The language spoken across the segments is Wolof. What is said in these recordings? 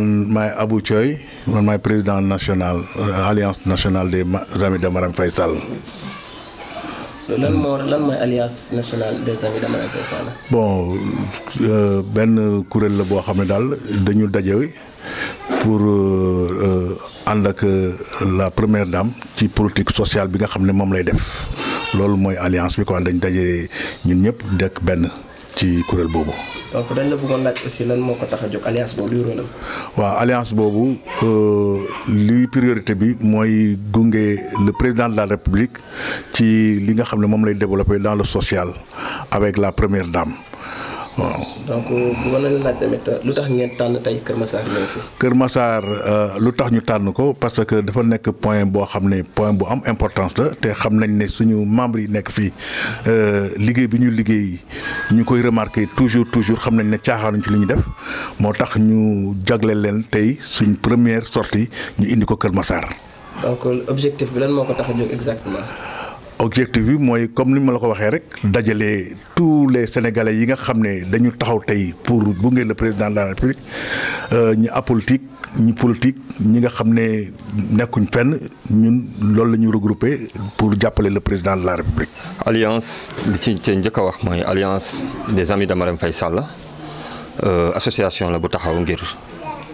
man maay Abou man maay président national euh, alliance nationale des amis de Marème Faye Sall. de Marème Faye bon euh, benn kuréel la boo xam ne daal dañu daje pour euh, ànd ak la première dame ci politique sociale bi nga xam ne moom lay def loolu mooy alliance bi quoi dañ daje ñun ñëpp dekk benn ci kuréel boobu. donc dañ la veut laaj aussi lan moo ko tax a jóg alliance boobu luy rôle waaw alliance boobu euh, luy priorité bi mooy gunge le président de la république ci li nga xam ne moom lay développé dans le social avec la première dame. donc wala la laaj tamit lu tax ngeen tànn tey kërmasaar ñëw fi kërmasaar lu tax ñu tànn ko parce que dafa nekk point boo xam ne point bu am importance la te xam nañ ne suñu membres yi nekk fi liggéey bi ñu liggéey ñu koy remarquer toujours toujours xam nañ ne caaxaanu ci li ñu def moo tax ñu jagle leen tey suñ première sortie ñu indi ko kërmasaar donc objectif bi lan moo ko tax a jóg exactement objectif bi comme ni ma la ko waxe rek hmm. dajale tous les sénégalais yi nga xamné dañu taxaw tay pour gunge le président de la république euh, ñi apolitique ñi politique ñi nga xamné ne nekkuñ fenn ñun loolu lañu regrouper pour jappalé le président de la république. alliance li ci ci njëkk wax moy alliance des amis de Marème Faye euh, association la bu taxaw ngir.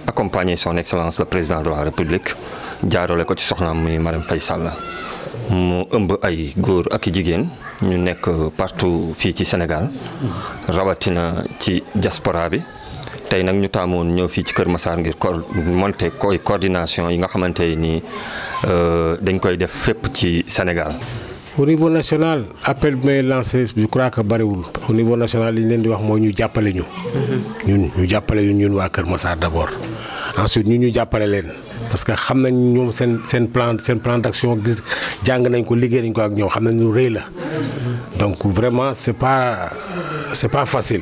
accompagner son excellence le président de la république jaarale ko ci soxna muy Marème Faye mu ëmb ay góor ak i jigéen ñu nekk partout fii ci senegal rawatina ci diaspora bi tey nag ñu taamoon ñëw fii ci Kër Massar ngir co monter koy coordination yi nga xamante ni euh, dañ koy def fépp ci Sénégal. au niveau national appel bi may lancé je crois que bariwul au niveau national li leen di wax mooy ñu jàppale ñu. Mm-hmm. ñun ñu jàppale ñu ñun waa Kër Massar d'abord. ensuite ñu ñu jàppale leen parce que nous nañ ñoom plan sen plan d'action gis jàng nañ ko liggéey nañ ko ak ñoom xamna ñu lu la donc vraiment c'est pas c'est pas facile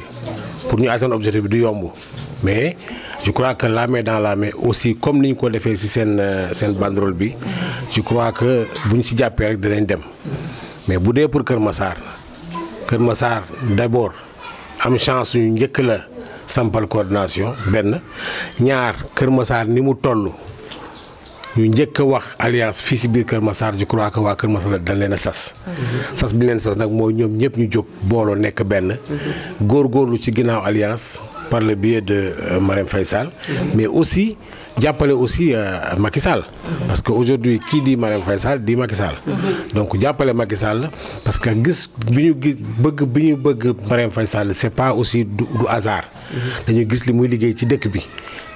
pour nous atteindre objectif bi du yombu mais je crois que la dans la aussi comme nous l'avons ko défé ci sen sen banderole bi je crois que nous ci jappé rek dinañ dem mais boudé pour Kermassar, Massar Kër Massar d'abord am chance ñu ñëk la sampal coordination ben ñaar Kër Massar ni mu tollu ñu njëkk wax alliance fi ci biir Kër Massar je crois que waa Kër Massar dañ leena a sas. Mhm. sas bi leen sas nak mooy ñom ñëpp ñu jóg nek ben mhm. gor gorlu ci ginaaw alliance par le biais de euh, Marème Faisal, mhm. mais aussi j'appelle aussi euh, Macky Sall. parce que aujourd'hui kii di Marème Faye Sall Macky Sall. donc j'appelle Macky Sall parce que gis biñu bëgg biñu bëgg Marème Faisal c'est pas aussi du hasard. dañu gis li muy liggéey ci dëkk bi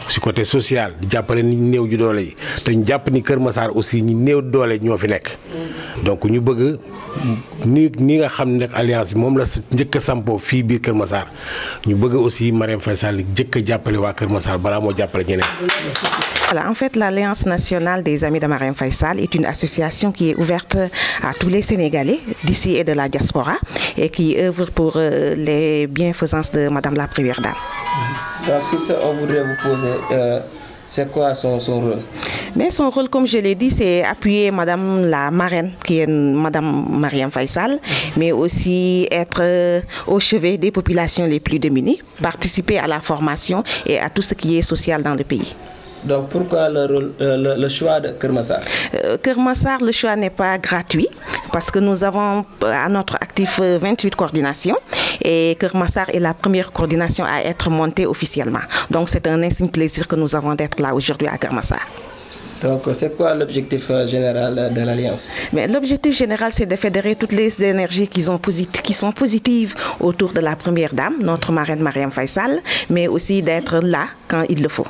si côté social di jàppale ni néew ju doole yi te ñu jàpp ni Kër Massar aussi ñi néew doole ñoo fi nekk donc ñu bëgg ni ni nga xam ne alliance bi moom la njëkk a sampoo fii biir Kër Massar ñu bëgg aussi Marème Faisal Sall njëkk a jàppale waa Kër Massar balaa moo jàppale ñeneen. Voilà, en fait, l'Alliance nationale des amis de Marine Faisal est une association qui est ouverte à tous les Sénégalais d'ici et de la diaspora et qui œuvre pour euh, les bienfaisances de Madame la Première Dame. Donc, sur ce, on voudrait vous poser, euh, c'est quoi son, son rôle mais son rôle, comme je l'ai dit, c'est appuyer Madame la marraine, qui est Madame Marianne Faisal, mais aussi être euh, au chevet des populations les plus démunies, participer à la formation et à tout ce qui est social dans le pays. Donc pourquoi le, euh, choix de Kermassar euh, Kermassar, le choix n'est pas gratuit parce que nous avons à notre actif 28 coordinations et Kermassar est la première coordination à être montée officiellement. Donc c'est un insigne plaisir que nous avons d'être là aujourd'hui à Kermassar. Donc, c'est quoi l'objectif euh, général euh, de l'Alliance L'objectif général, c'est de fédérer toutes les énergies qui sont, positives autour de la Première Dame, notre marraine Mariam Faisal, mais aussi d'être là quand il le faut.